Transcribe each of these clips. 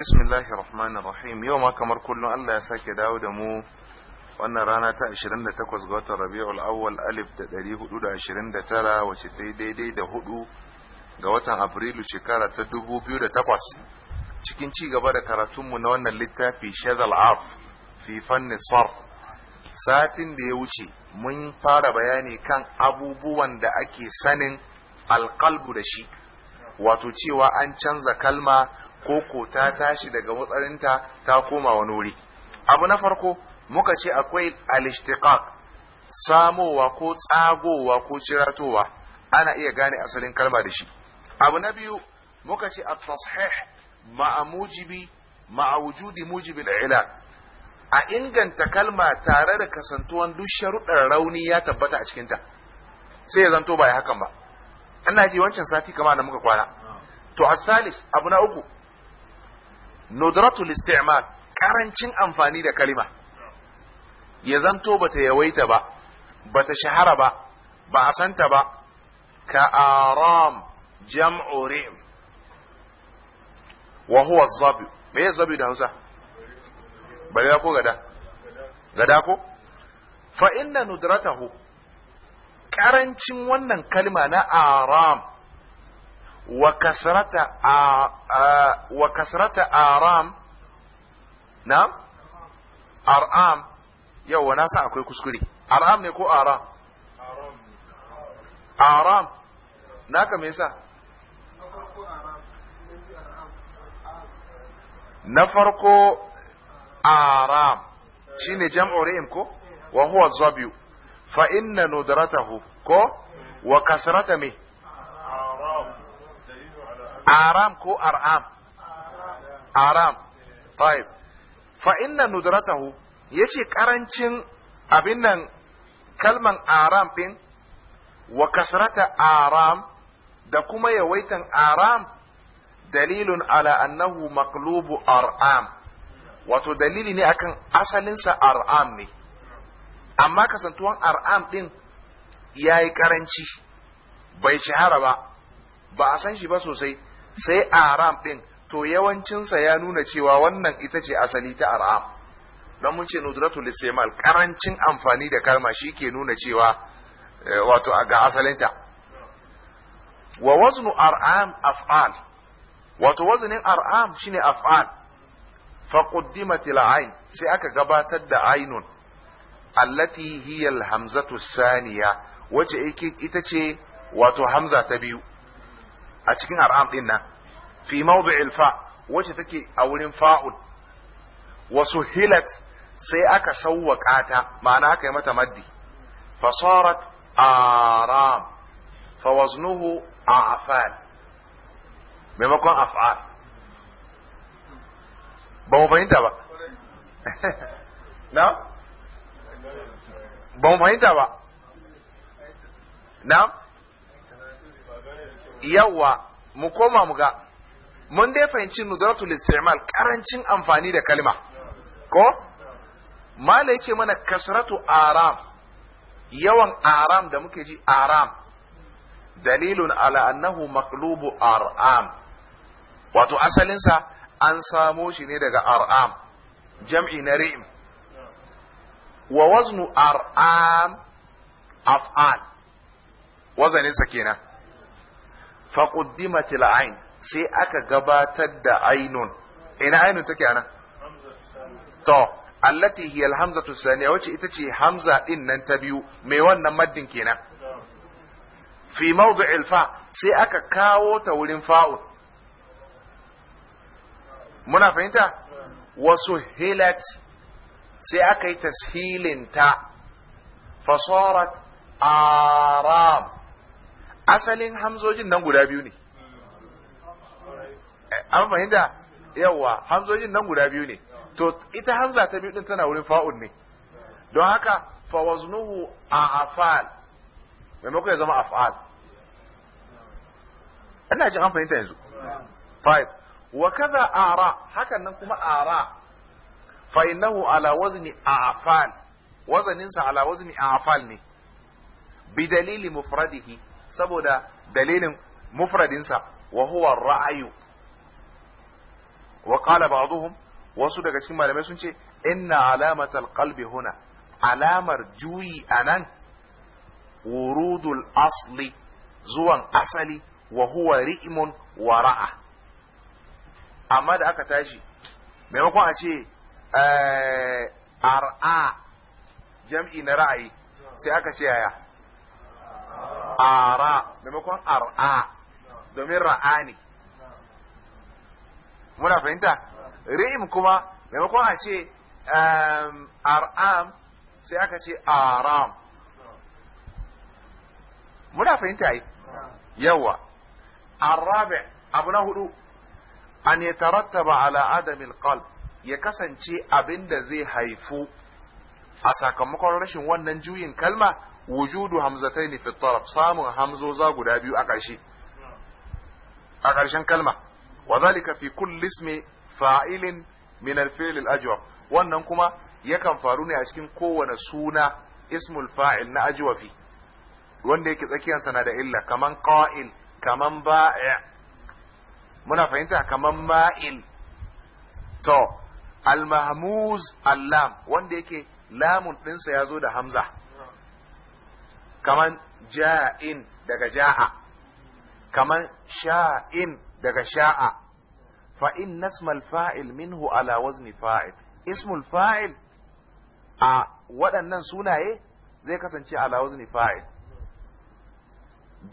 bismillahi rahmanir rahim yau ma kamar kullum Allah ya sake dawo da mu wannan rana ta 28 ga watan rabi'ul awwal alif da 429 wacce ta yi daidai da hudu ga watan afrilu shekara ta 2008 cikin ci gaba da karatunmu na wannan littafi shadal af fi satin da ya wuce mun fara bayani kan abubuwan da ake sanin alqalbu da shi wato cewa an canza kalma ko ko ta tashi daga matsarinta ta koma wani wuri abu na farko muka ce akwai alishtiqaq samowa ko tsagowa ko ciratowa ana iya gane asalin kalma da shi abu na biyu muka ce a tashih ma'a mujibi ma'a wujudi da ila a inganta kalma tare da kasantuwan duk sharuɗar rauni ya tabbata a cikinta sai ya zanto ba hakan ba ana ji wancan sati kama da muka kwana to asalis abu na uku nudratul listi'mal karancin amfani da kalima ya zanto bata yawaita ba bata shahara ba ba a santa ba ka aram jam'u ri'm wa huwa zabi me ya zabi da Hausa bare ko gada gada ko fa inna nudratahu karancin wannan kalma na aram wa kasrata aram na aram yawa na sa akwai kuskure aram ne ko aram aram naka me yasa na farko aram shine jam'u ra'im ko wa huwa zabiu fa inna nudratahu ko wa kasrata me aram ko aram aram fa inna nudratahu yace karancin abin nan kalman aram ɗin wa kasrata aram da kuma yawaitan aram dalilun ala annahu maqlubu aram wato dalili ne akan asalinsa aram ne amma kasantuwan ar'am ɗin ya yi karanci bai shahara ba ba a san shi ba sosai sai aram ɗin to yawancinsa ya nuna cewa wannan ita ce asali ta aram don mun ce nudratul istimal karancin amfani da kalma shi ke nuna cewa eh, wato ga asalinta wa waznu ar'am af'al wato waznin ar'am shine af'al fa quddimat al sai aka gabatar da ainun allati hiya alhamzatu saniya wace ita ce wato hamza ta biyu a cikin ar'am din nan fi mawdi'il fa wace take a wurin fa'ul wasu hilat sai aka sawwaka ta ma'ana haka yi mata maddi fasarat aram fa waznuhu a'fal maimakon af'al ba mu fahimta ba na ba fahimta ba na yawa mu koma mu ga mun dai fahimci nudratul istimal karancin amfani da kalma ko mala yake mana kasratu aram yawan aram da muke ji aram dalilun ala annahu maqlubu aram wato asalinsa an samo shi ne daga aram jam'i na ri'im wa waznu ar'am af'al wazaninsa kenan faquddimat al'ain sai aka gabatar da ainun ina ainun take anan to allati hiya alhamzatu thaniya wace ita ce hamza din nan ta biyu mai wannan maddin kenan fi mawdi'il fa sai aka kawo ta wurin fa'un muna fahimta wasu hilat sai aka yi tashilinta fasorat aram asalin hamzojin nan guda biyu ne eh, an fahimta yawa hamzojin nan guda biyu ne to ita hamza ta biyu din tana wurin fa'un ne don haka fawaznuhu a afal maimakon ya zama afal ina ji an fahimta yanzu 5 wa kaza ara hakan nan kuma ara Fainahu innahu ala wazni a'fal wazanin sa ala wazni a'fal ne bi dalili mufradihi saboda dalilin mufradin sa wa huwa ra'ayu wa qala ba'dhum wasu daga cikin malamai sun ce inna alamatal qalbi huna alamar juyi anan wurudul asli zuwan asali wa huwa ri'imun wa ra'a amma da aka tashi maimakon a ce Eh, ra jam'i na ra'ayi sai aka ce yaya ara maimakon ar'a domin ra'a ne muna fahimta ri'im kuma maimakon a ce eh, ar'am sai aka ce aram muna fahimta yi yawa na hudu an yi tarattaba ala adamin القلب ya kasance abin da zai haifu a sakamakon rashin wannan juyin kalma wujudu hamzatai ne fitarab samun hamzoza guda biyu a ƙarshe a ƙarshen kalma wa zalika fi kullis mai fa'ilin minar filil fil wannan kuma yakan faru ne a cikin kowane suna ismul fa'il na ajiwafi. wanda yake tsakiyarsa na da illa kaman ƙa’il kaman ba'i' muna fahimta kaman ma'il to al alam al-lam wanda yake lamun ɗinsa ya zo da hamza kaman ja'in daga ja'a kaman sha'in daga sha'a fa in nasmal fa'il minhu ala wazni fa'il ismul fa'il a waɗannan sunaye zai kasance ala wazni fa'il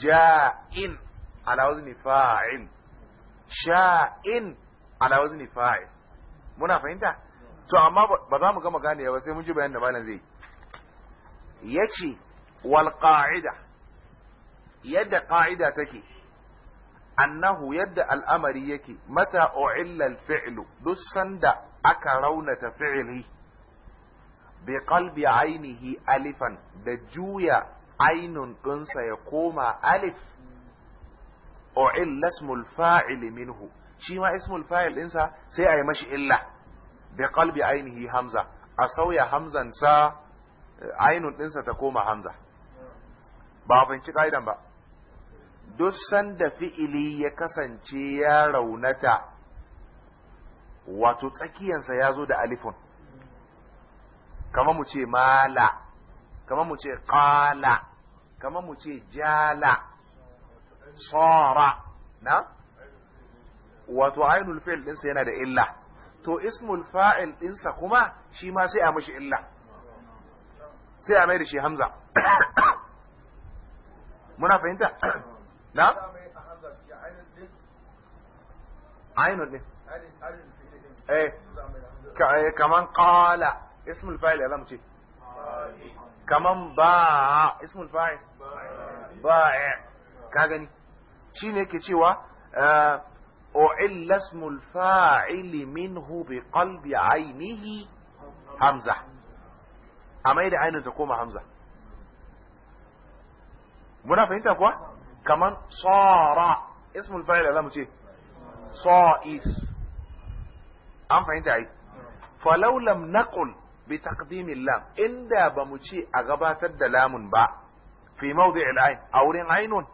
ja'in ala wazni fa'il sha'in ala wazni fa'il muna fahimta to amma ba za mu gama gane ba sai mun ji bayan da malam zai yace wal qa'ida yadda qa'ida take annahu yadda al'amari yake mata u'illa al-fi'lu duk sanda aka raunata fi'li bi qalbi ainihi alifan da juya ainun ɗinsa ya koma alif u'illa ismul fa'ili minhu shi ma ismul fa'il ɗinsa sai a yi mashi illa bi qalbi ainihi hamza a sauya hamzan sa ainun ɗinsa ta koma hamza ba a fahimci ƙa'idan ba duk sanda fi'ili ya kasance ya raunata wato tsakiyansa ya zo da alifun kama mu ce mala kama mu ce ƙala kama mu ce jala sora na wato ainul fa'il dinsa yana da illa to ismul fa'il dinsa kuma shi ma sai a mashi illa sai a mai da shi hamza muna fahimta na ainul ɗin eh, eh kaman qala ismul fa'il ya zamu ce kaman ba ismul fa'il Ba. Eh. ka gani Shi ne ke cewa eh, أعل اسم الفاعل منه بقلب عينه همزة إذا عين تقوم همزة منا فهمت أقوى كمان صار اسم الفاعل علامة ايه صائف عم فهمت عيد فلو لم نقل بتقديم اللام ان دا بمشي اغبات الدلام با في موضع العين او عين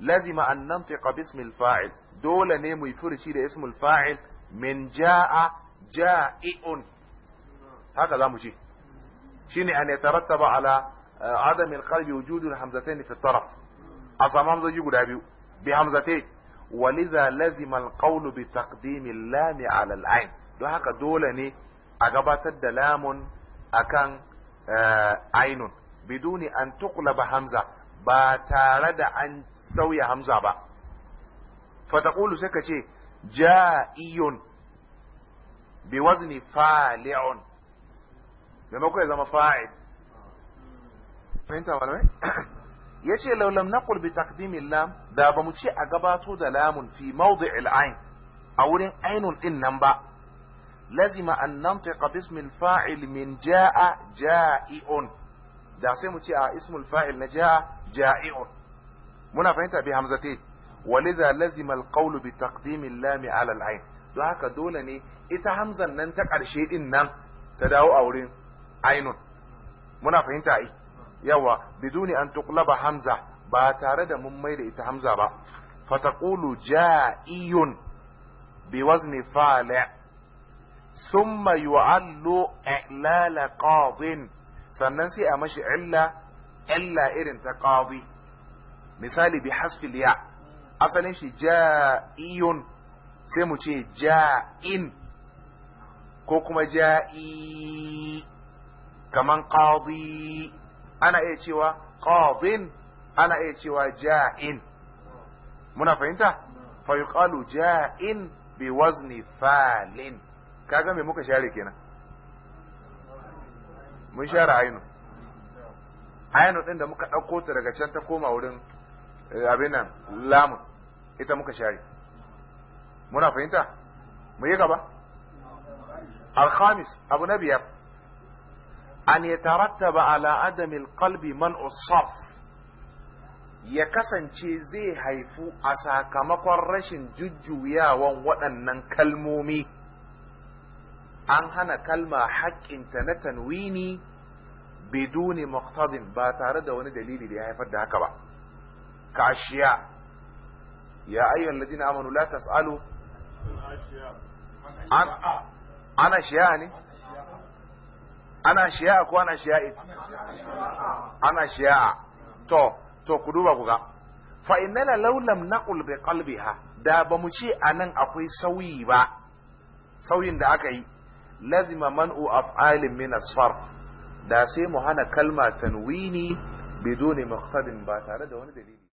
لازم ان ننطق باسم الفاعل dole ne mu yi furuci da ismul fa'il min ja'a ja'i'un haka za mu ce shine an yatarattaba ala eh, adam al-qalb wujud al-hamzatayn fi at-taraf hamzoji guda biyu bi hamzatayn ولذا لزم القول بتقديم اللام على العين don haka dole ne a gabatar da lamun akan eh, ainun biduni an tuqlaba hamza ba tare da an sauya hamza ba fataqulu sai ka ce ja'iyun bi wazni fa'ilun maimakon ya zama fa'il fahimta malamai yace ce laulam na bi takdimin lam da ba mu ce a gabato da lamun fi maudu al-ain a wurin ainun din nan ba lazima an nantiqa bismi fail min jaa ja'iun da sai mu ce a ismul fa'il na jaa ja'iun muna fahimta bi hamzati Walida lazimal ƙaulu bi taqdim al-lam don haka dole ne ita hamzan nan ta ƙarshe din nan ta dawo a wurin ainun muna fahimta ai yawa biduni an tuqlaba hamza ba tare da mun mai da ita hamza ba fataqulu ja'iyun bi wazni fa'la thumma yu'allu i'lala qadin sannan sai a mashi illa illa irin ta qadi misali bi hasfi ya asalin shi ja'iyun sai mu ce ja'in ko kuma ja'i kaman qadi ana iya cewa qadin ana iya cewa ja'in muna fahimta fa yuqalu ja'in bi wazni falin kaga me muka share kenan mun share ayinu ayinu din da muka ɗauko ta daga can ta koma wurin eh, abin nan lamun ita muka share muna fahimta mu yi gaba alhamis abu na biyar an ya tarattaba ala qalbi man usaf ya kasance zai haifu a sakamakon rashin jujjuyawan waɗannan kalmomi an hana kalma haƙƙinta na tanwini biduni muqtadin ba tare da wani dalili da ya haifar da haka ba kashiya ya ayyuhal ladina amanu la tasalu an ana shiya ne ana shiya ko ana shiya ana shiya to to ku duba ku ga fa innana law lam naqul bi qalbiha da ba mu ce a nan akwai sauyi ba sauyin da aka yi lazima man'u af'alin min asfar da sai mu hana kalma tanwini biduni maqsadin ba tare da wani dalili